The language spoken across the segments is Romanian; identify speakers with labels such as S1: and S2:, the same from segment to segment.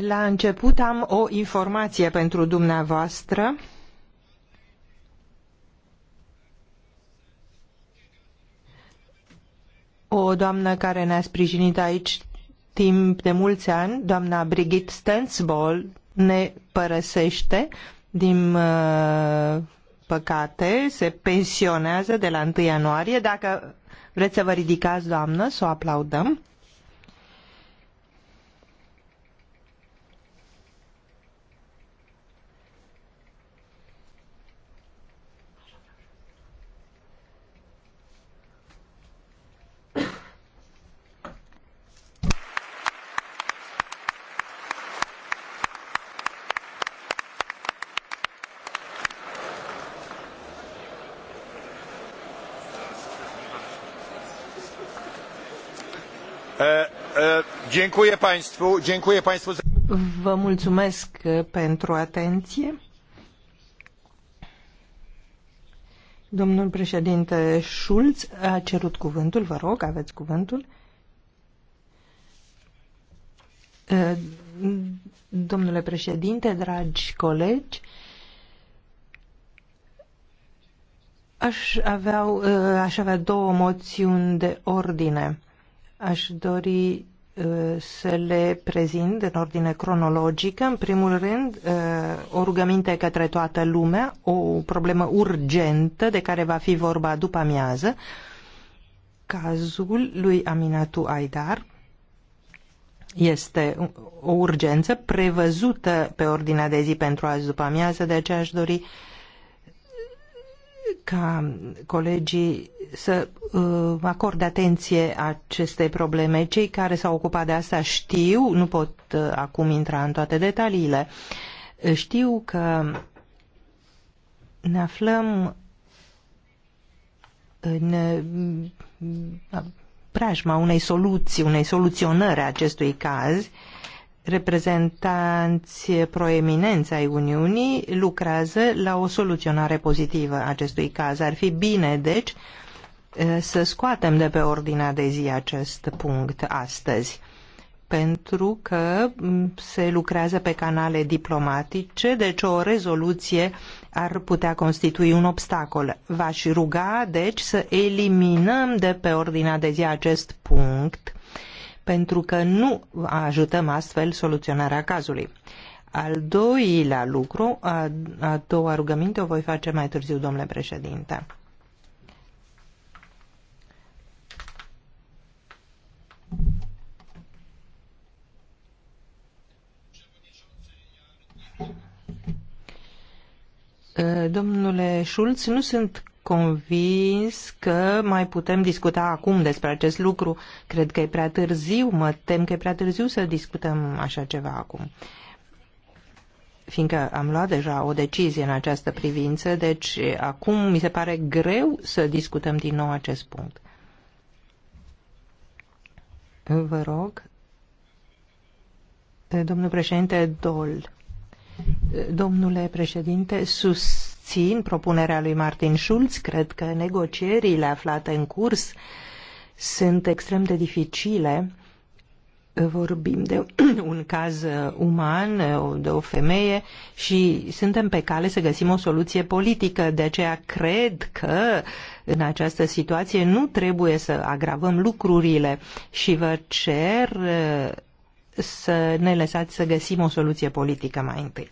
S1: la început am o informație pentru dumneavoastră. O doamnă care ne-a sprijinit aici timp de mulți ani, doamna Brigitte Stensbol ne părăsește din uh, păcate, se pensionează de la 1 ianuarie. Dacă vreți să vă ridicați, doamnă, să o aplaudăm. Vă mulțumesc pentru atenție. Domnul președinte Schulz a cerut cuvântul, vă rog, aveți cuvântul. Domnule președinte, dragi colegi, aș avea, aș avea două moțiuni de ordine. Aș dori uh, să le prezint în ordine cronologică. În primul rând, uh, o rugăminte către toată lumea, o problemă urgentă de care va fi vorba după amiază, cazul lui Aminatu Aidar este o urgență prevăzută pe ordinea de zi pentru azi după amiază, de aceea aș dori uh, ca colegii să uh, acorde atenție acestei probleme. Cei care s-au ocupat de asta știu, nu pot uh, acum intra în toate detaliile, știu că ne aflăm în uh, preajma unei soluții, unei soluționări a acestui caz uh, reprezentanți proeminenți ai Uniunii lucrează la o soluționare pozitivă a acestui caz. Ar fi bine, deci, eh, să scoatem de pe ordinea de zi acest punct astăzi pentru că mm, se lucrează pe canale diplomatice, deci o rezoluție ar putea constitui un obstacol. V-aș ruga, deci, să eliminăm de pe ordinea de zi acest punct pentru că nu ajutăm astfel soluționarea cazului. Al doilea lucru, a, a doua rugăminte o voi face mai târziu, domnule președinte. Domnule Schulz, nu sunt convins că mai putem discuta acum despre acest lucru. Cred că e prea târziu, mă tem că e prea târziu să discutăm așa ceva acum. Fiindcă am luat deja o decizie în această privință, deci acum mi se pare greu să discutăm din nou acest punct. Vă rog, domnul președinte Dol, domnule președinte, sus susțin propunerea lui Martin Schulz. Cred că negocierile aflate în curs sunt extrem de dificile. Vorbim de un caz uman, de o femeie și suntem pe cale să găsim o soluție politică. De aceea cred că în această situație nu trebuie să agravăm lucrurile și vă cer uh, să ne lăsați să găsim o soluție politică mai întâi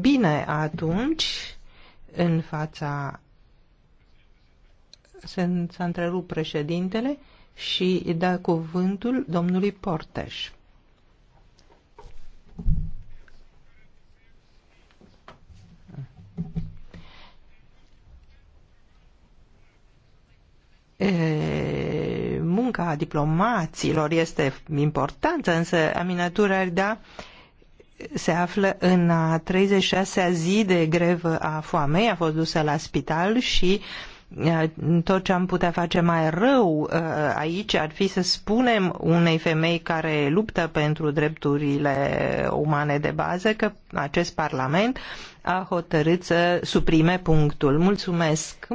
S1: bine atunci în fața s-a întrerupt președintele și da dă cuvântul domnului Porteș. E, munca diplomaților este importantă, însă aminatura da se află în a 36-a zi de grevă a foamei, a fost dusă la spital și tot ce am putea face mai rău aici ar fi să spunem unei femei care luptă pentru drepturile umane de bază că acest parlament a hotărât să suprime punctul. Mulțumesc!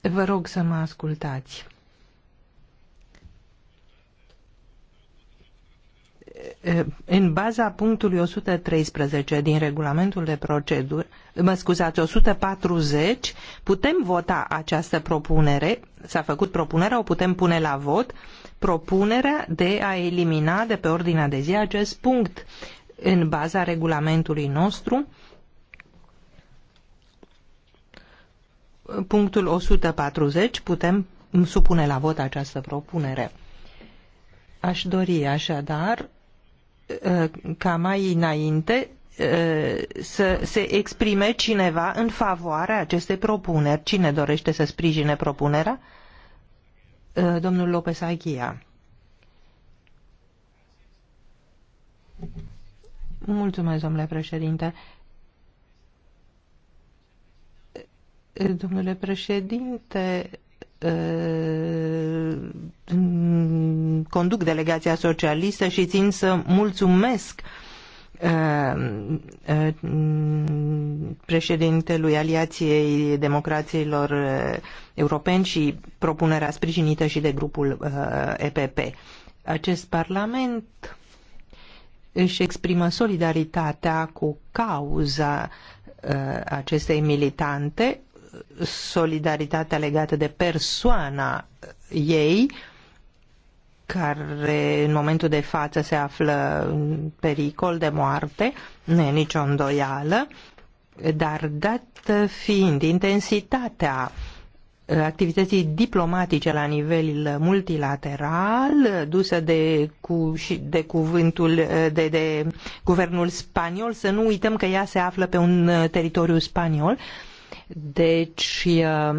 S1: Vă rog să mă ascultați. în baza punctului 113 din regulamentul de procedură, mă scuzați, 140, putem vota această propunere, s-a făcut propunerea, o putem pune la vot, propunerea de a elimina de pe ordinea de zi acest punct în baza regulamentului nostru, punctul 140, putem supune la vot această propunere. Aș dori așadar Uh, ca mai înainte uh, să se exprime cineva în favoarea acestei propuneri. Cine dorește să sprijine propunerea? Uh, domnul Lopez Aghia. Mulțumesc, domnule președinte. Domnule președinte, conduc delegația socialistă și țin să mulțumesc uh, uh, președintelui Aliației Democrațiilor uh, Europeni și propunerea sprijinită și de grupul EPP. Acest parlament își exprimă solidaritatea cu cauza acestei militante, solidaritatea legată de persoana ei, care în momentul de față se află în pericol de moarte, nu e nicio îndoială, dar dat fiind intensitatea activității diplomatice la nivel multilateral dusă de, cu, de cuvântul de, de guvernul spaniol, să nu uităm că ea se află pe un teritoriu spaniol, uh, deci, um,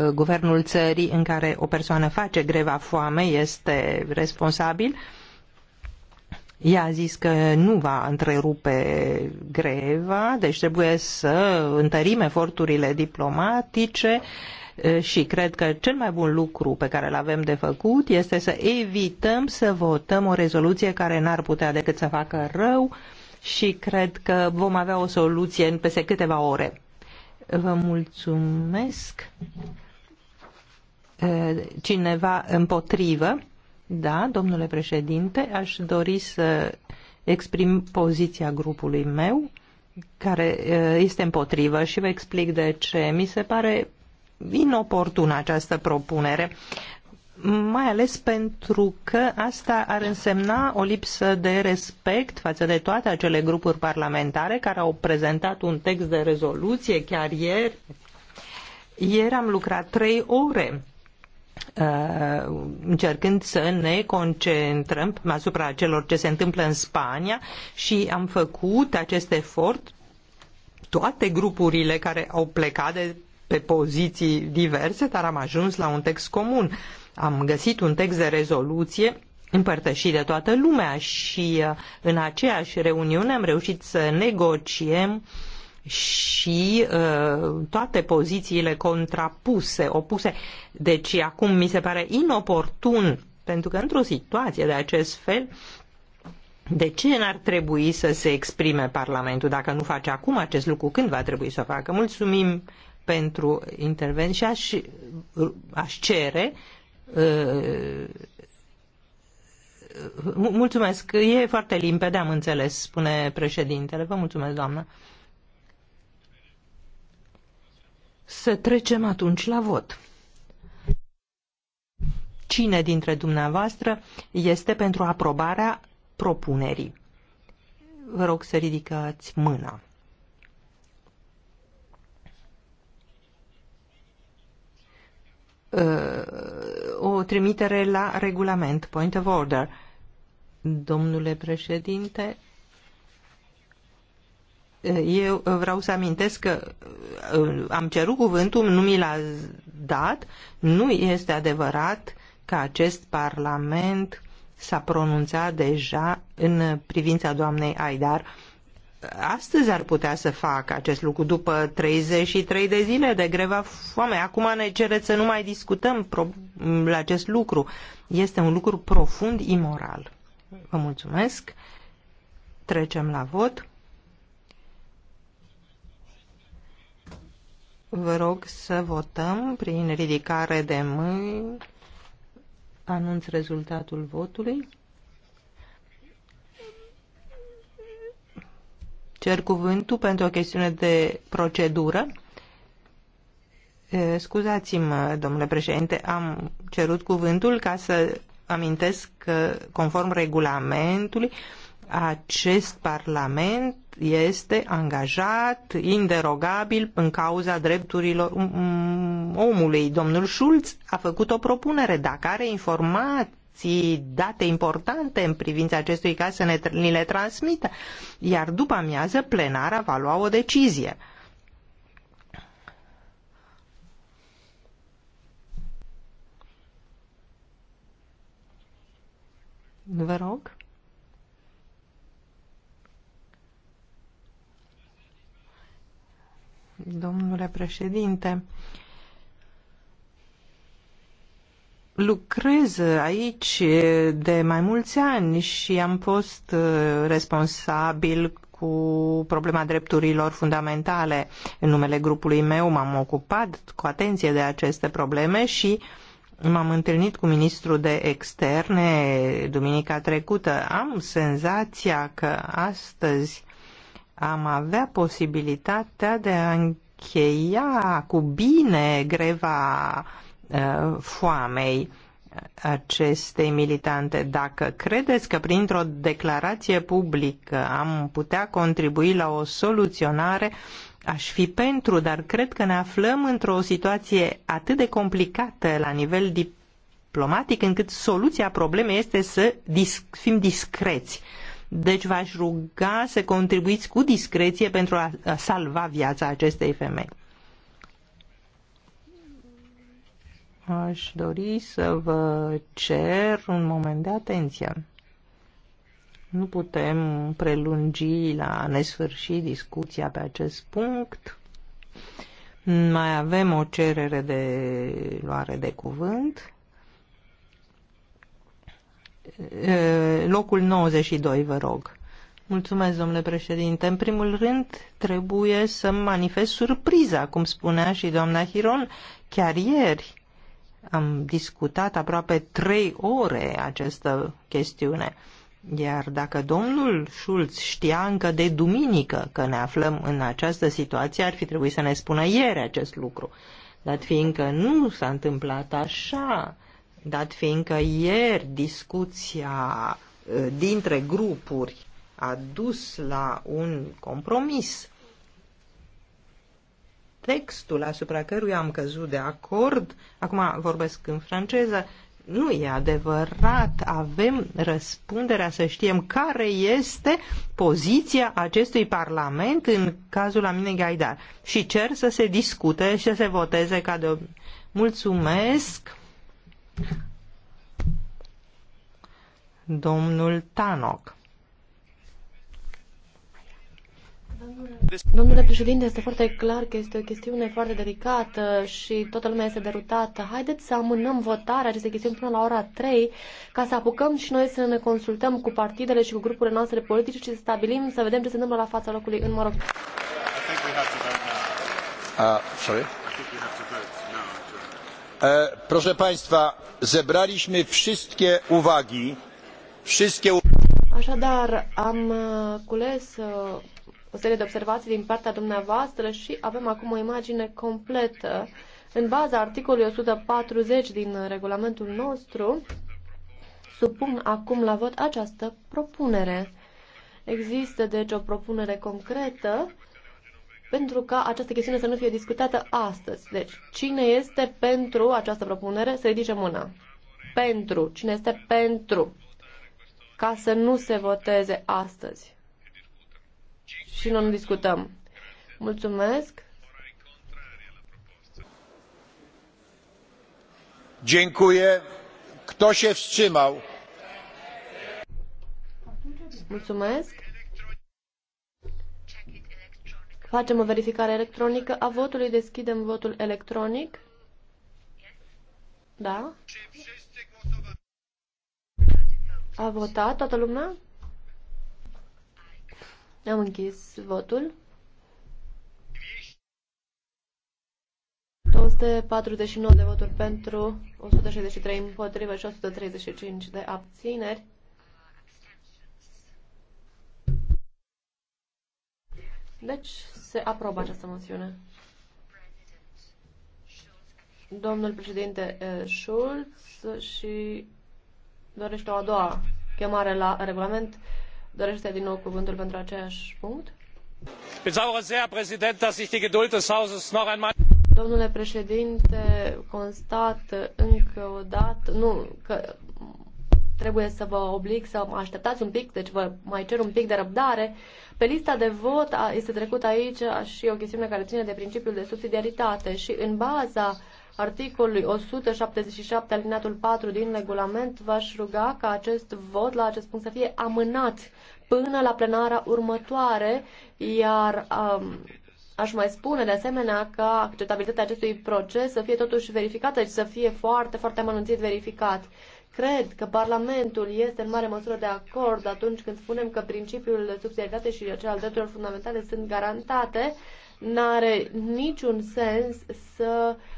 S1: uh, guvernul țării în care o persoană face greva foame este responsabil. Ea a zis că nu va întrerupe greva, deci trebuie să întărim eforturile diplomatice uh, și cred că cel mai bun lucru pe care îl avem de făcut este să evităm să votăm o rezoluție care n-ar putea decât să facă rău uh, și cred că vom avea o soluție în peste câteva ore. Vă mulțumesc. Cineva împotrivă? Da, domnule președinte, aș dori să exprim poziția grupului meu care este împotrivă și vă explic de ce. Mi se pare inoportună această propunere mai ales pentru că asta ar însemna o lipsă de respect față de toate acele grupuri parlamentare care au prezentat un text de rezoluție chiar ieri. Ieri am lucrat trei ore uh, încercând să ne concentrăm asupra celor ce se întâmplă în Spania și am făcut acest efort toate grupurile care au plecat de pe poziții diverse, dar am ajuns la un text comun am găsit un text de rezoluție împărtășit de toată lumea și uh, în aceeași reuniune am reușit să negociem și uh, toate pozițiile contrapuse, opuse. Deci acum mi se pare inoportun, pentru că într-o situație de acest fel, de ce n-ar trebui să se exprime Parlamentul dacă nu face acum acest lucru? Când va trebui să o facă? Mulțumim pentru intervenție și aș, aș cere Uh, uh, mulțumesc. E foarte limpede, am înțeles, spune președintele. Vă mulțumesc, doamnă. Să trecem atunci la vot. Cine dintre dumneavoastră este pentru aprobarea propunerii? Vă rog să ridicați mâna. Uh, o trimitere la regulament, point of order. Domnule președinte, eu vreau să amintesc că uh, am cerut cuvântul, nu mi l-a dat, nu este adevărat că acest Parlament s-a pronunțat deja în privința doamnei Aidar astăzi ar putea să facă acest lucru după 33 de zile de greva foame. Acum ne cereți să nu mai discutăm la acest lucru. Este un lucru profund imoral. Vă mulțumesc. Trecem la vot. Vă rog să votăm prin ridicare de mâini. Anunț rezultatul votului. Cer cuvântul pentru o chestiune de procedură. Scuzați-mă, domnule președinte, am cerut cuvântul ca să amintesc că, conform regulamentului, acest parlament este angajat inderogabil în cauza drepturilor mm, omului. Domnul Schulz a făcut o propunere. Dacă are informat obții date importante în privința acestui caz să ne, ni le transmită, iar după amiază plenara va lua o decizie. Vă rog. Domnule președinte, uh, lucrez aici de mai mulți ani și am fost uh, responsabil cu problema drepturilor fundamentale. În numele grupului meu m-am ocupat cu atenție de aceste probleme și m-am întâlnit cu ministrul de externe duminica trecută. Am senzația că astăzi am avea posibilitatea de a încheia cu bine greva uh, Uh, foamei acestei militante. Dacă credeți că printr-o declarație publică am putea contribui la o soluționare, aș fi pentru, dar cred că ne aflăm într-o situație atât de complicată la nivel diplomatic încât soluția problemei este să dis- fim discreți. Deci v-aș ruga să contribuiți cu discreție pentru a salva viața acestei femei. Aș dori să vă cer un moment de atenție. Nu putem prelungi la nesfârșit discuția pe acest punct. Mai avem o cerere de luare de cuvânt. Locul 92, vă rog. Mulțumesc, domnule președinte. În primul rând, trebuie să manifest surpriza, cum spunea și doamna Hiron, chiar ieri am discutat aproape trei ore această chestiune. Iar dacă domnul Schulz știa încă de duminică că ne aflăm în această situație, ar fi trebuit să ne spună ieri acest lucru. Dat fiindcă nu s-a întâmplat așa, dat fiindcă ieri discuția ă, dintre grupuri a dus la un compromis textul asupra căruia am căzut de acord, acum vorbesc în franceză, nu e adevărat, avem răspunderea să știm care este poziția acestui Parlament în cazul Amine Gaidar și cer să se discute și să se voteze ca de Mulțumesc, domnul Tanoc.
S2: Domnule președinte, este foarte clar că este o chestiune foarte delicată și toată lumea este derutată. Haideți să amânăm votarea acestei chestiuni până la ora 3 ca să apucăm și noi să ne consultăm cu partidele și cu grupurile noastre politice și să stabilim, să vedem ce se întâmplă la fața locului în Moroc.
S1: Uh, proszę Państwa, zebraliśmy wszystkie uwagi, wszystkie...
S2: Așadar, am uh, cules uh, serie de observații din partea dumneavoastră și avem acum o imagine completă. În baza articolului 140 din regulamentul nostru, supun acum la vot această propunere. Există, deci, o propunere concretă pentru ca această chestiune să nu fie discutată astăzi. Deci, cine este pentru această propunere? Să ridice mâna. Pentru. Cine este pentru? Ca să nu se voteze astăzi și nu, nu discutăm. Mulțumesc.
S1: Dziękuję. Kto się wstrzymał?
S2: Mulțumesc. Facem o verificare electronică a votului. Deschidem votul electronic. Da? A votat toată lumea? Am închis votul. 249 de voturi pentru, 163 împotrivă și 135 de abțineri. Deci se aprobă această moțiune. Domnul președinte eh, Schulz și dorește o a doua chemare la regulament. Dorește din nou cuvântul pentru aceeași punct? Domnule președinte, constat încă o dată, nu, că trebuie să vă oblig să mă așteptați un pic, deci vă mai cer un pic de răbdare. Pe lista de vot este trecut aici și o chestiune care ține de principiul de subsidiaritate și în baza uh, articolului 177 alineatul 4 din regulament, v-aș ruga ca acest vot la acest punct să fie amânat până la plenara următoare, iar um, aș mai spune de asemenea că acceptabilitatea acestui proces să fie totuși verificată și să fie foarte, foarte amănunțit verificat. Cred că Parlamentul este în mare măsură de acord atunci când spunem că principiul de subsidiaritate și cel al drepturilor fundamentale sunt garantate, n-are niciun sens să uh,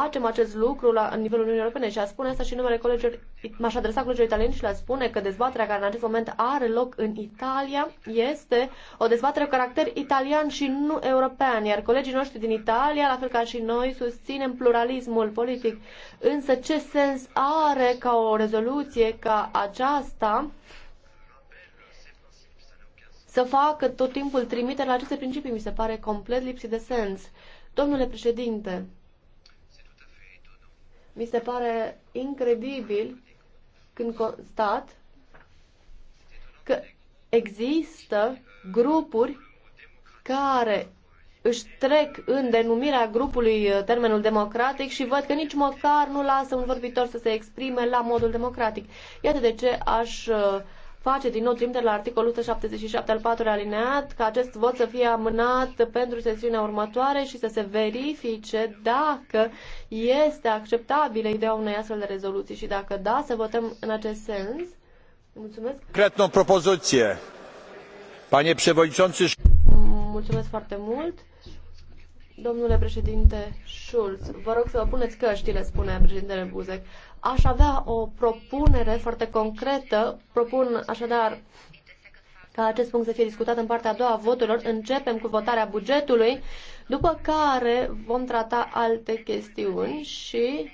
S2: facem acest lucru la nivelul Uniunii Europene și a spune asta și numele colegilor, m-aș adresa colegilor italieni și le spune că dezbaterea care în acest moment are loc în Italia este o dezbatere cu caracter italian și nu european, iar colegii noștri din Italia, la fel ca și noi, susținem pluralismul politic. Însă ce sens are ca o rezoluție ca aceasta să facă tot timpul trimiterea la aceste principii? Mi se pare complet lipsit de sens. Domnule președinte, mi se pare incredibil când constat că există grupuri care își trec în denumirea grupului uh, termenul democratic și văd că nici măcar nu lasă un vorbitor să se exprime la modul democratic. Iată de ce aș uh, face din nou trimitere la articolul 177 al 4 alineat ca acest vot să fie amânat pentru sesiunea următoare și să se verifice dacă este acceptabilă ideea unei astfel de rezoluții și dacă da, să votăm în acest sens. Mulțumesc.
S1: o propoziție, Panie przewodniczący.
S2: Mulțumesc foarte mult. Domnule președinte Schulz, vă rog să vă puneți căștile, spune președintele Buzek. Aș avea o propunere foarte concretă. Propun așadar ca acest punct să fie discutat în partea a doua a voturilor. Începem cu votarea bugetului, după care vom trata alte chestiuni și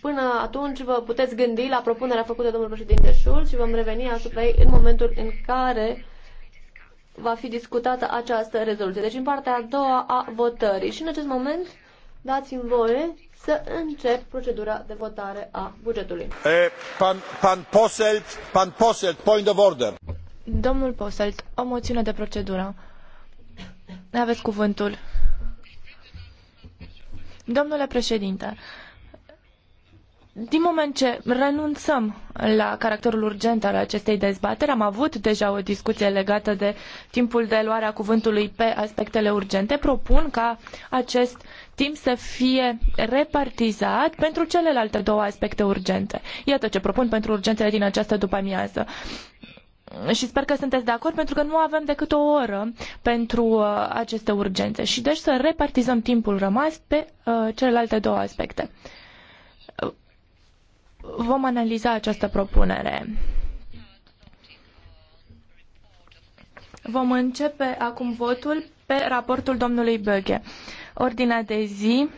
S2: Până atunci vă puteți gândi la propunerea făcută de domnul președinte Schulz și vom reveni asupra ei în momentul în care va fi discutată această rezoluție. Deci în partea a doua a votării. Și în acest moment dați-mi voie să încep procedura de votare a bugetului.
S1: E, pan, pan Poselt, pan Poselt, point of order.
S2: Domnul Poselt, o moțiune de procedură. Aveți cuvântul. Domnule președinte, din moment ce renunțăm la caracterul urgent al acestei dezbateri, am avut deja o discuție legată de timpul de luare a cuvântului pe aspectele urgente, propun ca acest timp să fie repartizat pentru celelalte două aspecte urgente. Iată ce propun pentru urgențele din această după-amiază. Și sper că sunteți de acord pentru că nu avem decât o oră pentru uh, aceste urgențe și deci să repartizăm timpul rămas pe uh, celelalte două aspecte vom analiza această propunere. Vom începe acum votul pe raportul domnului Böge. Ordinea de zi